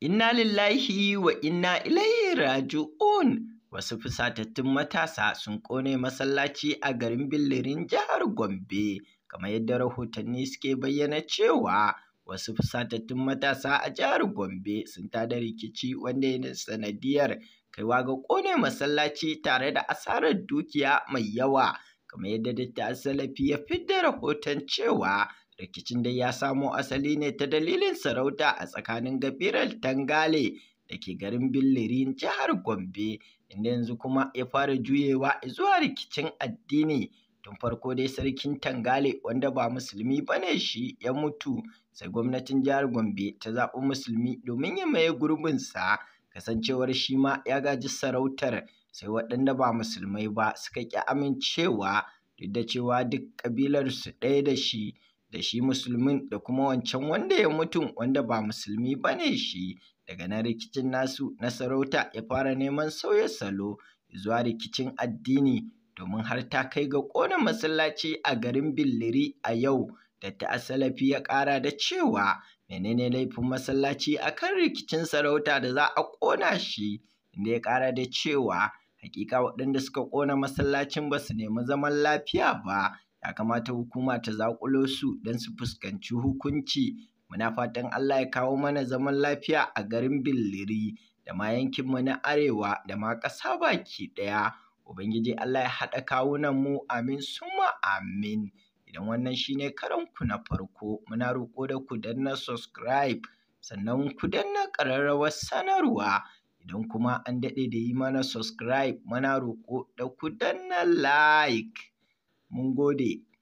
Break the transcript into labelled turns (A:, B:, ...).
A: Inna lillahi wa inna ilaihi raji'un. Wasu fusatattun matasa sun ƙone masallaci a garin Bilirin jihar Gombe, kamar yadda rahotanni suke bayyana cewa wasu fusatattun matasa a jihar Gombe sun tada rikici wanda ya sanadiyar kaiwa ga ƙone masallaci tare da asarar dukiya mai yawa, kamar yadda Dr. Salafi ya fidda rahoton cewa rikicin dai ya samo asali ne ta dalilin sarauta a tsakanin Gabirar tangale da ke garin billirin jihar gombe inda yanzu kuma ya fara juyewa zuwa rikicin addini tun farko dai sarkin tangale wanda ba musulmi ba ne shi ya mutu sai gwamnatin jihar gombe ta zaɓi musulmi domin ya maye gurbinsa kasancewar shi ma ya gaji sarautar sai waɗanda ba musulmai ba suka ƙi amincewa duk da cewa duk ƙabilarsu ɗaya da shi da shi musulmin da kuma wancan wanda ya mutu wanda ba musulmi ba ne shi daga nan rikicin nasu na sarauta ya fara neman sauya salo zuwa rikicin addini domin har ta kai ga kona masallaci a garin billiri a yau da ta asalafi ya ƙara da cewa menene laifin masallaci a kan rikicin sarauta da za a ƙona shi inda ya ƙara da cewa hakika waɗanda suka ƙona masallacin ba su nemi zaman lafiya ba ya kamata hukuma ta zaƙulo su don su fuskanci hukunci muna fatan Allah ya kawo mana zaman lafiya a garin Billiri da ma yankin mu na arewa da ma ƙasa baki ɗaya ubangiji Allah ya haɗa kawunan mu amin suma amin idan wannan shine karanku na farko muna roƙo da ku danna subscribe sannan ku danna ƙararrawar sanarwa idan kuma an daɗe da yi mana subscribe muna roƙo da ku danna like 蒙古队。